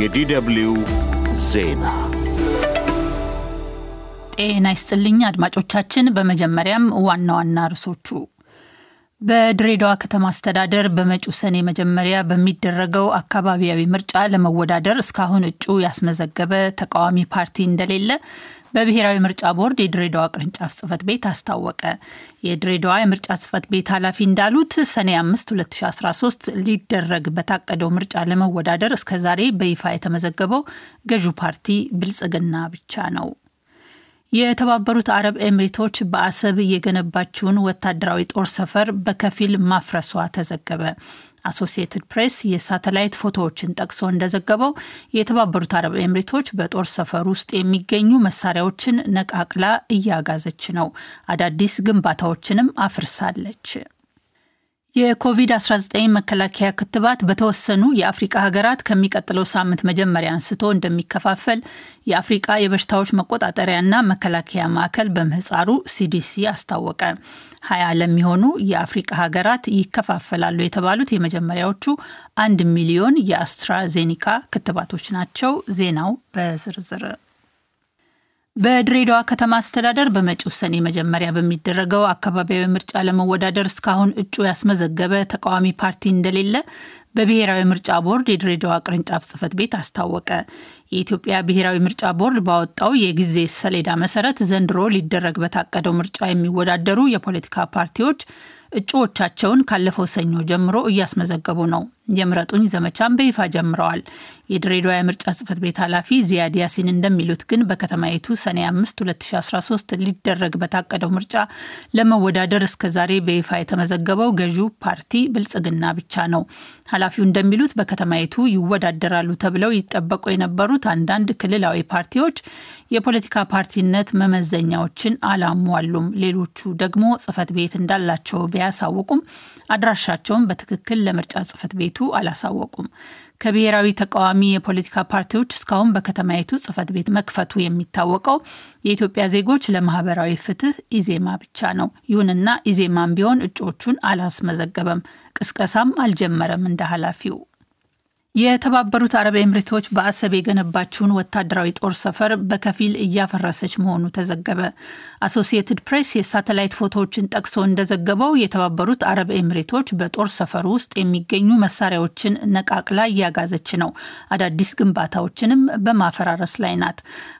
የዲደብሊው ዜና ጤና ይስጥልኝ አድማጮቻችን። በመጀመሪያም ዋና ዋና ርዕሶቹ በድሬዳዋ ከተማ አስተዳደር በመጪው ሰኔ መጀመሪያ በሚደረገው አካባቢያዊ ምርጫ ለመወዳደር እስካሁን እጩ ያስመዘገበ ተቃዋሚ ፓርቲ እንደሌለ በብሔራዊ ምርጫ ቦርድ የድሬዳዋ ቅርንጫፍ ጽህፈት ቤት አስታወቀ። የድሬዳዋ የምርጫ ጽህፈት ቤት ኃላፊ እንዳሉት ሰኔ 5 2013 ሊደረግ በታቀደው ምርጫ ለመወዳደር እስከዛሬ በይፋ የተመዘገበው ገዢው ፓርቲ ብልጽግና ብቻ ነው። የተባበሩት አረብ ኤምሬቶች በአሰብ የገነባችውን ወታደራዊ ጦር ሰፈር በከፊል ማፍረሷ ተዘገበ። አሶሲየትድ ፕሬስ የሳተላይት ፎቶዎችን ጠቅሶ እንደዘገበው የተባበሩት አረብ ኤምሬቶች በጦር ሰፈር ውስጥ የሚገኙ መሳሪያዎችን ነቃቅላ እያጋዘች ነው፣ አዳዲስ ግንባታዎችንም አፍርሳለች። የኮቪድ-19 መከላከያ ክትባት በተወሰኑ የአፍሪቃ ሀገራት ከሚቀጥለው ሳምንት መጀመሪያ አንስቶ እንደሚከፋፈል የአፍሪቃ የበሽታዎች መቆጣጠሪያና መከላከያ ማዕከል በምህፃሩ ሲዲሲ አስታወቀ። ሀያ ለሚሆኑ የአፍሪቃ ሀገራት ይከፋፈላሉ የተባሉት የመጀመሪያዎቹ አንድ ሚሊዮን የአስትራዜኒካ ክትባቶች ናቸው። ዜናው በዝርዝር በድሬዳዋ ከተማ አስተዳደር በመጪው ሰኔ መጀመሪያ በሚደረገው አካባቢያዊ ምርጫ ለመወዳደር እስካሁን እጩ ያስመዘገበ ተቃዋሚ ፓርቲ እንደሌለ በብሔራዊ ምርጫ ቦርድ የድሬዳዋ ቅርንጫፍ ጽህፈት ቤት አስታወቀ። የኢትዮጵያ ብሔራዊ ምርጫ ቦርድ ባወጣው የጊዜ ሰሌዳ መሰረት ዘንድሮ ሊደረግ በታቀደው ምርጫ የሚወዳደሩ የፖለቲካ ፓርቲዎች እጩዎቻቸውን ካለፈው ሰኞ ጀምሮ እያስመዘገቡ ነው። የምረጡኝ ዘመቻን በይፋ ጀምረዋል። የድሬዳዋ የምርጫ ጽህፈት ቤት ኃላፊ ዚያድ ያሲን እንደሚሉት ግን በከተማይቱ ሰኔ 5 2013 ሊደረግ በታቀደው ምርጫ ለመወዳደር እስከዛሬ በይፋ የተመዘገበው ገዢው ፓርቲ ብልጽግና ብቻ ነው። ኃላፊው እንደሚሉት በከተማይቱ ይወዳደራሉ ተብለው ይጠበቁ የነበሩት አንዳንድ ክልላዊ ፓርቲዎች የፖለቲካ ፓርቲነት መመዘኛዎችን አላሟሉም። ሌሎቹ ደግሞ ጽህፈት ቤት እንዳላቸው ቢያሳውቁም አድራሻቸውን በትክክል ለምርጫ ጽህፈት ቤት ከተማይቱ አላሳወቁም። ከብሔራዊ ተቃዋሚ የፖለቲካ ፓርቲዎች እስካሁን በከተማይቱ ጽህፈት ቤት መክፈቱ የሚታወቀው የኢትዮጵያ ዜጎች ለማህበራዊ ፍትህ ኢዜማ ብቻ ነው። ይሁንና ኢዜማም ቢሆን እጩዎቹን አላስመዘገበም፣ ቅስቀሳም አልጀመረም እንደ ኃላፊው የተባበሩት አረብ ኤምሬቶች በአሰብ የገነባችውን ወታደራዊ ጦር ሰፈር በከፊል እያፈረሰች መሆኑ ተዘገበ። አሶሲየትድ ፕሬስ የሳተላይት ፎቶዎችን ጠቅሶ እንደዘገበው የተባበሩት አረብ ኤምሬቶች በጦር ሰፈሩ ውስጥ የሚገኙ መሳሪያዎችን ነቃቅላ እያጋዘች ነው። አዳዲስ ግንባታዎችንም በማፈራረስ ላይ ናት።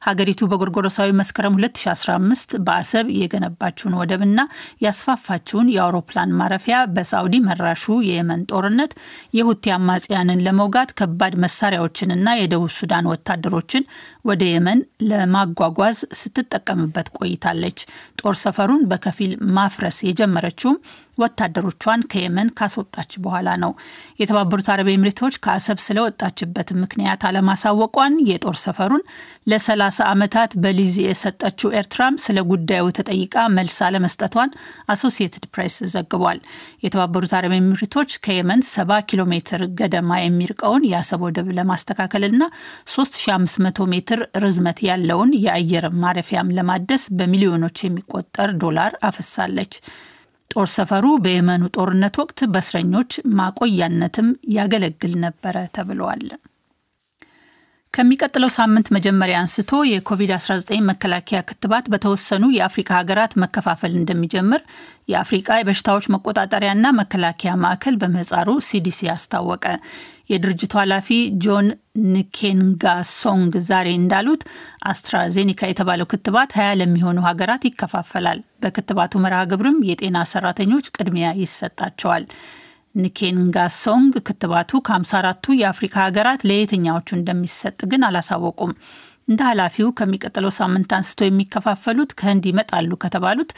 ሀገሪቱ በጎርጎሮሳዊ መስከረም 2015 በአሰብ የገነባችውን ወደብና ያስፋፋችውን የአውሮፕላን ማረፊያ በሳውዲ መራሹ የየመን ጦርነት የሁቲ አማጽያንን ለመውጋ በመዝጋት ከባድ መሳሪያዎችንና የደቡብ ሱዳን ወታደሮችን ወደ የመን ለማጓጓዝ ስትጠቀምበት ቆይታለች። ጦር ሰፈሩን በከፊል ማፍረስ የጀመረችውም ወታደሮቿን ከየመን ካስወጣች በኋላ ነው። የተባበሩት አረብ ኤምሬቶች ከአሰብ ስለወጣችበት ምክንያት አለማሳወቋን የጦር ሰፈሩን ለ30 ዓመታት በሊዝ የሰጠችው ኤርትራም ስለ ጉዳዩ ተጠይቃ መልስ አለመስጠቷን አሶሲየትድ ፕሬስ ዘግቧል። የተባበሩት አረብ ኤምሬቶች ከየመን 70 ኪሎ ሜትር ገደማ የሚርቀውን የአሰብ ወደብ ለማስተካከልና 3500 ሜትር ርዝመት ያለውን የአየር ማረፊያም ለማደስ በሚሊዮኖች የሚቆጠር ዶላር አፈሳለች። ጦር ሰፈሩ በየመኑ ጦርነት ወቅት በእስረኞች ማቆያነትም ያገለግል ነበረ ተብለዋል። ከሚቀጥለው ሳምንት መጀመሪያ አንስቶ የኮቪድ-19 መከላከያ ክትባት በተወሰኑ የአፍሪካ ሀገራት መከፋፈል እንደሚጀምር የአፍሪቃ የበሽታዎች መቆጣጠሪያና መከላከያ ማዕከል በምህጻሩ ሲዲሲ አስታወቀ። የድርጅቱ ኃላፊ ጆን ንኬንጋ ሶንግ ዛሬ እንዳሉት አስትራዜኒካ የተባለው ክትባት ሀያ ለሚሆኑ ሀገራት ይከፋፈላል። በክትባቱ መርሃ ግብርም የጤና ሰራተኞች ቅድሚያ ይሰጣቸዋል። ንኬንጋ ሶንግ ክትባቱ ከ54ቱ የአፍሪካ ሀገራት ለየትኛዎቹ እንደሚሰጥ ግን አላሳወቁም። እንደ ኃላፊው ከሚቀጥለው ሳምንት አንስቶ የሚከፋፈሉት ከህንድ ይመጣሉ ከተባሉት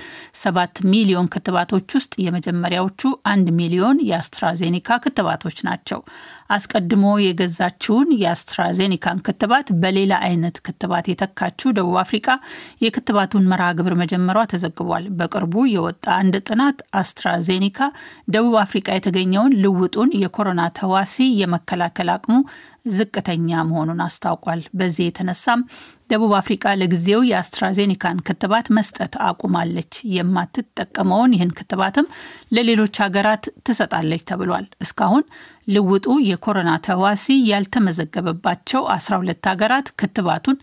ሰባት ሚሊዮን ክትባቶች ውስጥ የመጀመሪያዎቹ አንድ ሚሊዮን የአስትራዜኒካ ክትባቶች ናቸው። አስቀድሞ የገዛችውን የአስትራዜኒካን ክትባት በሌላ አይነት ክትባት የተካችው ደቡብ አፍሪካ የክትባቱን መርሃ ግብር መጀመሯ ተዘግቧል። በቅርቡ የወጣ አንድ ጥናት አስትራዜኒካ ደቡብ አፍሪካ የተገኘውን ልውጡን የኮሮና ተዋሲ የመከላከል አቅሙ ዝቅተኛ መሆኑን አስታውቋል። በዚህ የተነሳም ደቡብ አፍሪቃ ለጊዜው የአስትራዜኒካን ክትባት መስጠት አቁማለች። የማትጠቀመውን ይህን ክትባትም ለሌሎች ሀገራት ትሰጣለች ተብሏል። እስካሁን ልውጡ የኮሮና ተዋሲ ያልተመዘገበባቸው 12 ሀገራት ክትባቱን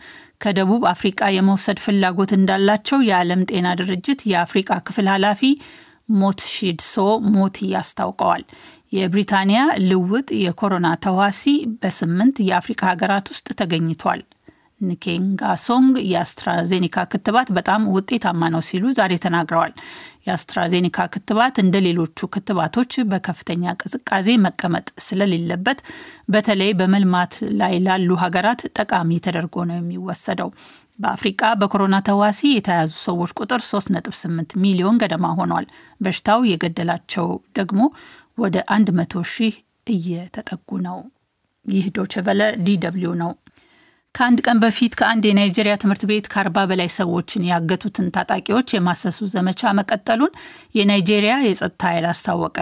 ከደቡብ አፍሪቃ የመውሰድ ፍላጎት እንዳላቸው የዓለም ጤና ድርጅት የአፍሪቃ ክፍል ኃላፊ ሞትሺድሶ ሞቲ አስታውቀዋል። የብሪታንያ ልውጥ የኮሮና ተዋሲ በስምንት የአፍሪካ ሀገራት ውስጥ ተገኝቷል። ሶንግ የአስትራዜኒካ ክትባት በጣም ውጤታማ ነው ሲሉ ዛሬ ተናግረዋል። የአስትራዜኒካ ክትባት እንደ ሌሎቹ ክትባቶች በከፍተኛ ቅዝቃዜ መቀመጥ ስለሌለበት በተለይ በመልማት ላይ ላሉ ሀገራት ጠቃሚ ተደርጎ ነው የሚወሰደው። በአፍሪቃ በኮሮና ተዋሲ የተያዙ ሰዎች ቁጥር 3.8 ሚሊዮን ገደማ ሆኗል። በሽታው የገደላቸው ደግሞ ወደ 100 ሺህ እየተጠጉ ነው። ይህ ዶችቨለ ዲደብሊው ነው። ከአንድ ቀን በፊት ከአንድ የናይጄሪያ ትምህርት ቤት ከአርባ በላይ ሰዎችን ያገቱትን ታጣቂዎች የማሰሱ ዘመቻ መቀጠሉን የናይጄሪያ የጸጥታ ኃይል አስታወቀ።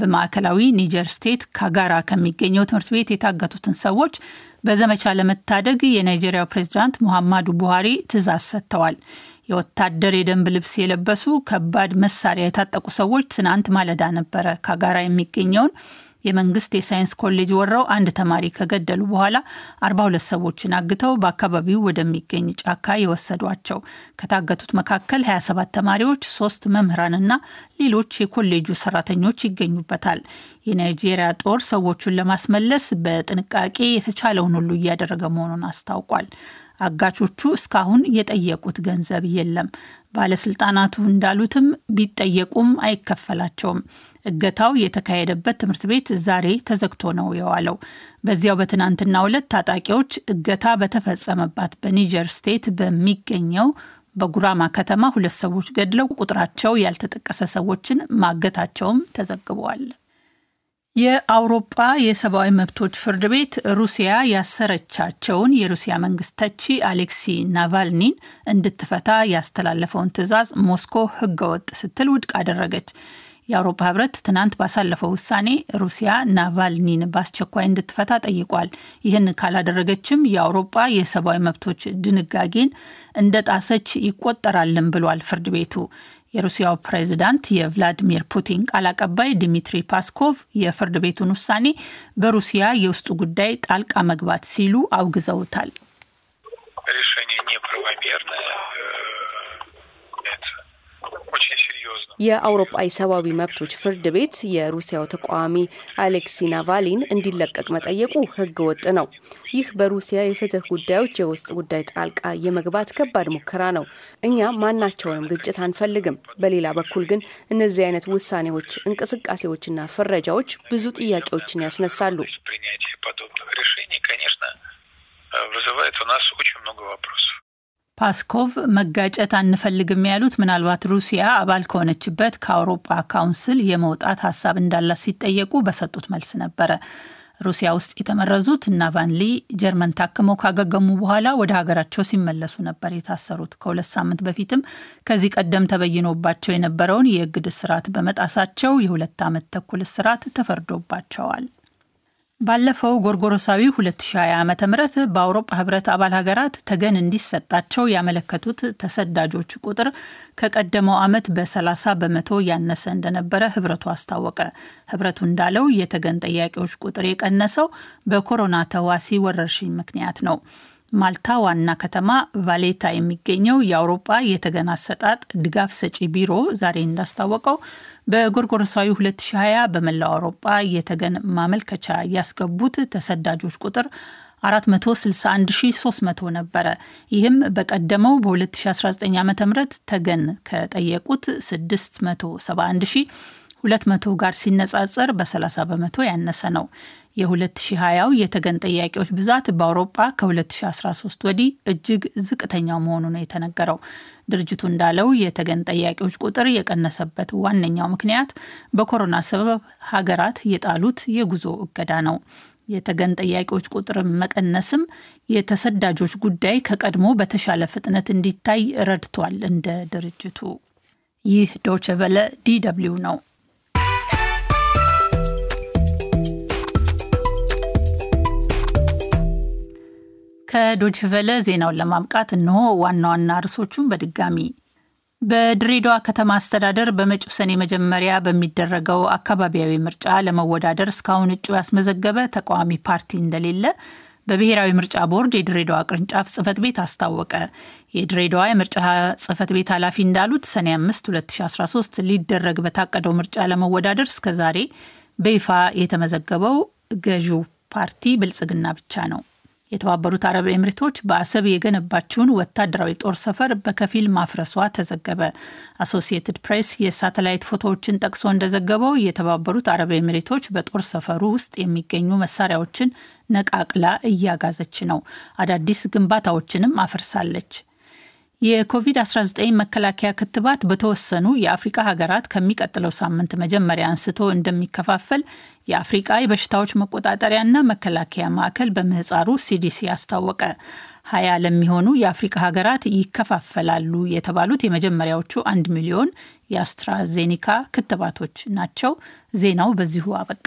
በማዕከላዊ ኒጀር ስቴት ካጋራ ከሚገኘው ትምህርት ቤት የታገቱትን ሰዎች በዘመቻ ለመታደግ የናይጄሪያው ፕሬዚዳንት ሙሐማዱ ቡሃሪ ትእዛዝ ሰጥተዋል። የወታደር የደንብ ልብስ የለበሱ ከባድ መሳሪያ የታጠቁ ሰዎች ትናንት ማለዳ ነበረ ከጋራ የሚገኘውን የመንግስት የሳይንስ ኮሌጅ ወረው አንድ ተማሪ ከገደሉ በኋላ 42 ሰዎችን አግተው በአካባቢው ወደሚገኝ ጫካ የወሰዷቸው። ከታገቱት መካከል 27 ተማሪዎች፣ ሶስት መምህራንና ሌሎች የኮሌጁ ሰራተኞች ይገኙበታል። የናይጄሪያ ጦር ሰዎቹን ለማስመለስ በጥንቃቄ የተቻለውን ሁሉ እያደረገ መሆኑን አስታውቋል። አጋቾቹ እስካሁን የጠየቁት ገንዘብ የለም። ባለስልጣናቱ እንዳሉትም ቢጠየቁም አይከፈላቸውም። እገታው የተካሄደበት ትምህርት ቤት ዛሬ ተዘግቶ ነው የዋለው። በዚያው በትናንትና ሁለት ታጣቂዎች እገታ በተፈጸመባት በኒጀር ስቴት በሚገኘው በጉራማ ከተማ ሁለት ሰዎች ገድለው ቁጥራቸው ያልተጠቀሰ ሰዎችን ማገታቸውም ተዘግበዋል። የአውሮፓ የሰብአዊ መብቶች ፍርድ ቤት ሩሲያ ያሰረቻቸውን የሩሲያ መንግስት ተቺ አሌክሲ ናቫልኒን እንድትፈታ ያስተላለፈውን ትዕዛዝ ሞስኮ ህገወጥ ስትል ውድቅ አደረገች። የአውሮፓ ህብረት ትናንት ባሳለፈው ውሳኔ ሩሲያ ናቫልኒን በአስቸኳይ እንድትፈታ ጠይቋል። ይህን ካላደረገችም የአውሮፓ የሰብአዊ መብቶች ድንጋጌን እንደ ጣሰች ይቆጠራልም ብሏል ፍርድ ቤቱ። የሩሲያው ፕሬዝዳንት የቭላዲሚር ፑቲን ቃል አቀባይ ዲሚትሪ ፓስኮቭ የፍርድ ቤቱን ውሳኔ በሩሲያ የውስጡ ጉዳይ ጣልቃ መግባት ሲሉ አውግዘውታል። የአውሮፓ የሰብአዊ መብቶች ፍርድ ቤት የሩሲያው ተቃዋሚ አሌክሲ ናቫሊን እንዲለቀቅ መጠየቁ ህገ ወጥ ነው። ይህ በሩሲያ የፍትህ ጉዳዮች የውስጥ ጉዳይ ጣልቃ የመግባት ከባድ ሙከራ ነው። እኛ ማናቸውንም ግጭት አንፈልግም። በሌላ በኩል ግን እነዚህ አይነት ውሳኔዎች፣ እንቅስቃሴዎችና ፍረጃዎች ብዙ ጥያቄዎችን ያስነሳሉ። ፓስኮቭ መጋጨት አንፈልግም ያሉት ምናልባት ሩሲያ አባል ከሆነችበት ከአውሮፓ ካውንስል የመውጣት ሀሳብ እንዳላት ሲጠየቁ በሰጡት መልስ ነበረ። ሩሲያ ውስጥ የተመረዙት ናቫልኒ ጀርመን ታክመው ካገገሙ በኋላ ወደ ሀገራቸው ሲመለሱ ነበር የታሰሩት። ከሁለት ሳምንት በፊትም ከዚህ ቀደም ተበይኖባቸው የነበረውን የእግድ እስራት በመጣሳቸው የሁለት ዓመት ተኩል እስራት ተፈርዶባቸዋል። ባለፈው ጎርጎሮሳዊ 2020 ዓ ም በአውሮፓ ህብረት አባል ሀገራት ተገን እንዲሰጣቸው ያመለከቱት ተሰዳጆች ቁጥር ከቀደመው ዓመት በ30 በመቶ ያነሰ እንደነበረ ህብረቱ አስታወቀ። ህብረቱ እንዳለው የተገን ጠያቂዎች ቁጥር የቀነሰው በኮሮና ተዋሲ ወረርሽኝ ምክንያት ነው። ማልታ ዋና ከተማ ቫሌታ የሚገኘው የአውሮፓ የተገን አሰጣጥ ድጋፍ ሰጪ ቢሮ ዛሬ እንዳስታወቀው በጎርጎረሳዊ 2020 በመላው አውሮጳ የተገን ማመልከቻ ያስገቡት ተሰዳጆች ቁጥር 461300 ነበረ። ይህም በቀደመው በ2019 ዓ ም ተገን ከጠየቁት 671 200 ጋር ሲነጻጸር በ30 በመቶ ያነሰ ነው። የ2020 የተገን ጠያቄዎች ብዛት በአውሮጳ ከ2013 ወዲህ እጅግ ዝቅተኛው መሆኑ ነው የተነገረው። ድርጅቱ እንዳለው የተገን ጠያቂዎች ቁጥር የቀነሰበት ዋነኛው ምክንያት በኮሮና ሰበብ ሀገራት የጣሉት የጉዞ እገዳ ነው። የተገን ጠያቂዎች ቁጥር መቀነስም የተሰዳጆች ጉዳይ ከቀድሞ በተሻለ ፍጥነት እንዲታይ ረድቷል እንደ ድርጅቱ። ይህ ዶቸቨለ ዲ ደብልዩ ነው። ከዶችቨለ ዜናውን ለማብቃት እነሆ ዋና ዋና ርዕሶቹን በድጋሚ በድሬዳዋ ከተማ አስተዳደር በመጪው ሰኔ መጀመሪያ በሚደረገው አካባቢያዊ ምርጫ ለመወዳደር እስካሁን እጩ ያስመዘገበ ተቃዋሚ ፓርቲ እንደሌለ በብሔራዊ ምርጫ ቦርድ የድሬዳዋ ቅርንጫፍ ጽህፈት ቤት አስታወቀ። የድሬዳዋ የምርጫ ጽህፈት ቤት ኃላፊ እንዳሉት ሰኔ 5 2013 ሊደረግ በታቀደው ምርጫ ለመወዳደር እስከዛሬ በይፋ የተመዘገበው ገዢው ፓርቲ ብልጽግና ብቻ ነው። የተባበሩት አረብ ኤምሬቶች በአሰብ የገነባችውን ወታደራዊ ጦር ሰፈር በከፊል ማፍረሷ ተዘገበ። አሶሲየትድ ፕሬስ የሳተላይት ፎቶዎችን ጠቅሶ እንደዘገበው የተባበሩት አረብ ኤምሬቶች በጦር ሰፈሩ ውስጥ የሚገኙ መሳሪያዎችን ነቃቅላ እያጋዘች ነው። አዳዲስ ግንባታዎችንም አፍርሳለች። የኮቪድ-19 መከላከያ ክትባት በተወሰኑ የአፍሪቃ ሀገራት ከሚቀጥለው ሳምንት መጀመሪያ አንስቶ እንደሚከፋፈል የአፍሪቃ የበሽታዎች መቆጣጠሪያና መከላከያ ማዕከል በምህፃሩ ሲዲሲ አስታወቀ። ሀያ ለሚሆኑ የአፍሪካ ሀገራት ይከፋፈላሉ የተባሉት የመጀመሪያዎቹ አንድ ሚሊዮን የአስትራዜኒካ ክትባቶች ናቸው። ዜናው በዚሁ አበቃ።